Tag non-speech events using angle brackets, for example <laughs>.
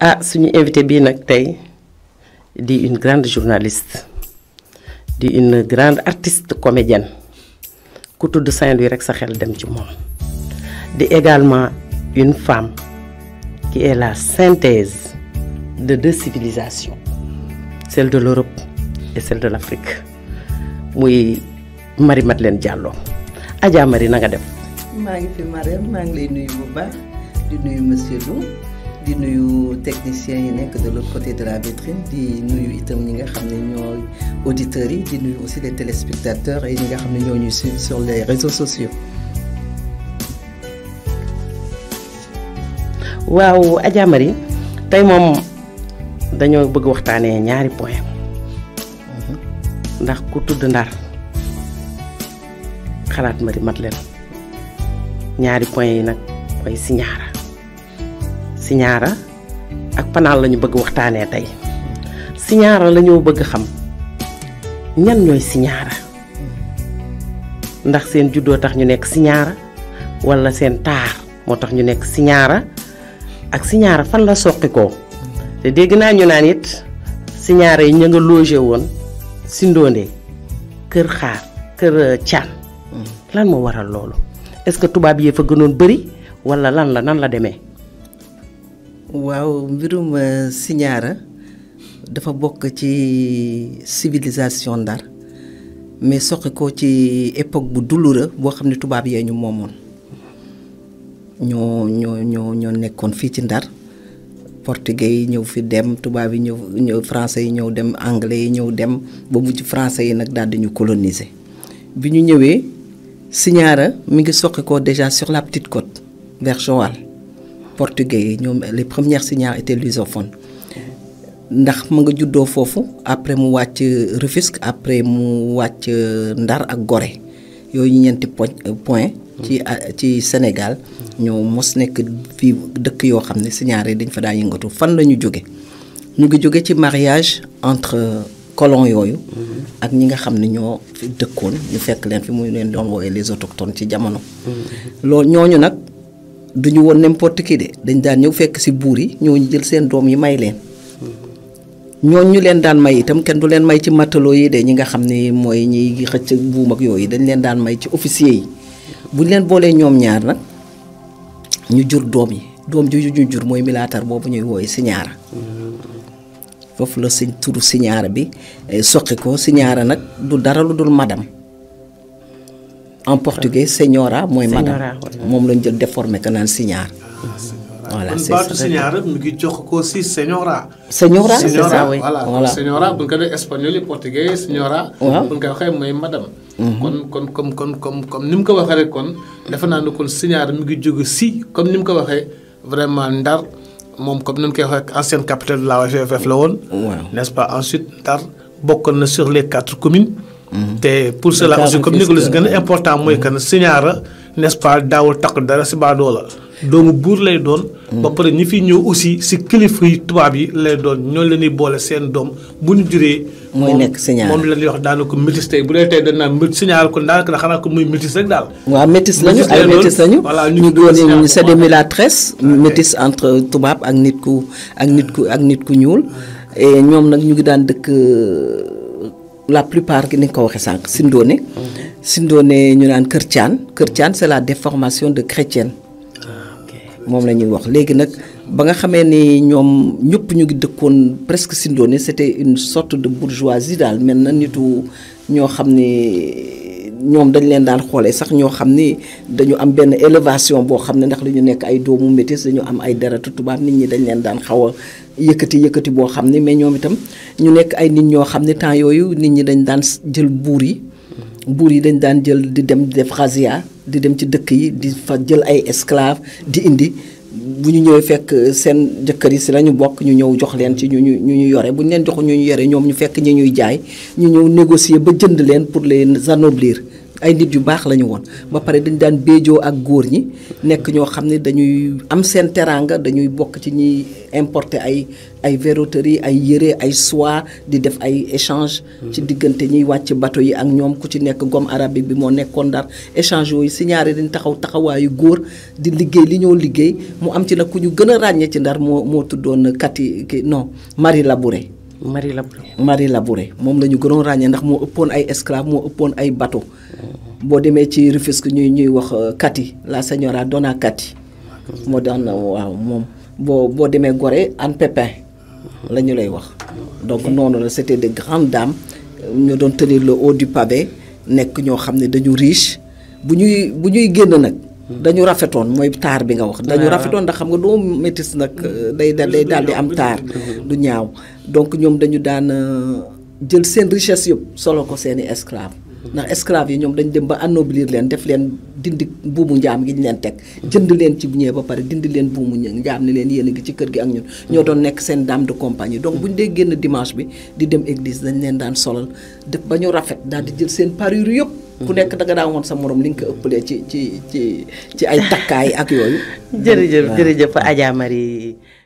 ah suñu invité bi nak tay di une grande journaliste di une grande artiste comédienne ku tudd Saint-Louis rek sa xel dem ci di également une femme qui est la synthèse de deux civilisations celle de l'Europe et celle de l'Afrique muy Marie Madeleine Diallo Adja Marie na nga def. maa ngi fi Mariam maa ngi lay nuyu bu baax di monsieur Lou di nuyu techniciens yi nekk de l'autre côté de la vitrine di nuyu itam ñi nga xam ne ñooy auditeurs yi di nuyu aussi les téléspectateurs et ñi nga xam ne ñoo ñuy suivre sur les réseaux sociaux. waaw Adjamari, Marie tey moom dañoo bëgg waxtaanee ñaari point ndax ku tudd ndar xalaat ma di mat leen ñaari point yi nag koy si Sinyara, ak panal lañu bëgg tay. tey siñaara lañu bëgg xam ñan ñooy siñaara ndax seen juddoo tax ñu nekk wala seen taar moo tax ñu nekk siñaara ak sinyara fan la soqikoo te dégg naa ñu naan it siñaara yi ña nga logé woon si ndóonde kër xaar kër hmm. lan mo waral loolu est-ce que tubaab yee fa gënoon bëri wala lan la nan la demee waaw mbirum euh, siñaara dafa bokk ci civilisation ndar mais soqi ko ci époque bu dulura boo xam ne tubaab yee ñu moomoon ñoo ñoo ñoo ñoo nekkoon fii ci ndar portugais yi ñëw fi dem tubaab yi ñëw ñëw français yi ñëw dem anglais yi ñëw dem ba mujj français yi nag daal di ñu coloniser bi ñu ñëwee siñaara mi ngi soqi ko déjà sur la petite côte vers Joal portugais yi ñoom les premières signants étaient lusophones ndax ma nga juddoo foofu après mu wàcc Rufisque après mu wàcc euh, Ndar ak Gorée yooyu ñeenti euh, point ci euh, ci Sénégal ñoo mos nekk fii dëkk yoo xam ne signants dañ fa daa yëngatu fan la ñu jóge ñu ngi jóge ci mariage entre colon yooyu ak ñi nga xam ne ñoo fi dëkkoon ñu fekk leen fi mu leen doon woowee les autochtones ci jamono mm-hmm. loolu ñooñu nag du ñu woon n'importe qui de dañ daan ñëw fekk si buur yi ñooñu jël seen doom yi may leen ñooñu ñu leen daan may itam kenn du leen may ci matelot yi de ñi nga xam ne mooy ñiy xëcc buum ak yooyu dañ leen daan may ci officier yi buñ leen boolee ñoom ñaar nag ñu jur doom yi doom ju ñu jur mooy milaatar boobu ñuy wooye siñaara foofu la sëñ turu siñaara bi eh, soqi ko siñaara nag du dara lu dul madam en portugais señora moy madame mom lañ jël déformé ko naan voilà c'est ça jox ko si señora. señora oui voilà señora espagnol et portugais señora. madame. Mhm. kon kon comme comme comme comme nous ko kon. kon si comme nous ko vraiment comme nous koy ancienne capitale de la FFF la ce pas ensuite tard, beaucoup na sur les quatre communes. te pour cela aussi comme ni si gën important mooy que ne Siñaara n'est-ce pas daawul takk dara si baadoo doomu buur lay doon. ba pare ñi fi ñëw aussi si kilifa yi tubaab yi lay doon ñoo leen di boole seen doom bu ñu juree. mooy nekk Siñaara moom la wax daanaka métis tey bu dee tey dañu naan mét Siñaara kon daanaka xanaa ko muy métis rek daal. waaw métis lañu ay métis lañu. voilà ñu doon c'est des mulâtresses. métis entre tubaab ak nit ku ak nit ku ak nit ku ñuul. ñoom nag ñu ngi daan dëkk. la plupart ko Sindone. Sindone ñu c'est la déformation de chrétienne. mom la wax légui nak ba nga ni ñu presque Sindone c'était une sorte de bourgeoisie ñoom dañ leen daan xoolee sax ñoo xam ni dañu am benn élévation boo xam ne ndax lu ñu nekk ay doomu métis dañu am ay deretu tubaab nit ñi dañ leen daan xaw a yëkkati yëkkati boo xam ne mais ñoom itam ñu nekk ay nit ñoo xam ne temps yooyu nit ñi dañ daan jël buur yi buur yi dañ daan jël di dem de razzia di dem ci dëkk yi di fa jël ay esclave di indi bu ñu ñëwee fekk seen jëkkër yi si la bokk ñu ñëw jox leen ci ñu ñu ñu ñu yore bu ñu leen jox ñu ñu yore ñoom ñu fekk ñi ñuy jaay ñu ñëw négocier ba jënd leen pour les anoblir ay nit yu baax la ñu woon ba pare dañ daan béejoo ak góor ñi nekk ñoo xam ne dañuy am seen teraanga dañuy bokk ci ñuy importer ay ay verroterie ay yére ay soie di def ay échange ci mhm. diggante ñiy wàcc bateau yi ak ñoom ku ci nekk gom arabique bi moo nekkoon Ndar échange yooyu si ñaari dañ taxaw taxawaayu góor di liggéey li ñoo liggéey mu am ci nag ku ñu gën a ràññee ci Ndar moo moo tuddoon kati ki no Marie Labouré Marie Labouré Marie Labouré moom lañu ñu gënoon ràññee ndax moo ëppoon ay esclave moo ëppoon ay bateau boo demee ci Rufisque ñuy ñuy wax euh, Katie, la señora Donna Kati moo daan euh, waaw moom boo boo demee Gorée Anne Pépin la ñu lay wax donc noonu la c'était de grandes dames euh, ñu doon tenir le haut du pavé nekk ñoo xam ne dañu riche bu ñuy bu ñuy génn nag hmm. dañu rafetoon mooy taar bi nga wax dañu ah. rafetoon ndax xam nga doo métis nag day day daal di am taar du ñaaw donc ñoom dañu daan jël seen richesse yëpp solo ko seeni esclave ndax esclave yi ñoom dañ dem ba anoblir leen def leen dindi buumu njaam gi ñu leen teg jënd leen ci ñee ba pare dindi leen buumu njaam ne leen yéen gi ci kër gi ak ñun ñoo doon nekk seen dame de compagnie donc bu ñu dee génn dimanche bi di dem église dañ leen daan solal def ba ñu rafet daal di jël seen parure yëpp ku nekk danga daa woon sa morom li nga ko ëppalee ci ci ci ci ay takkaay ak yooyu <laughs> jërëjëf jërëjëf Adja Marie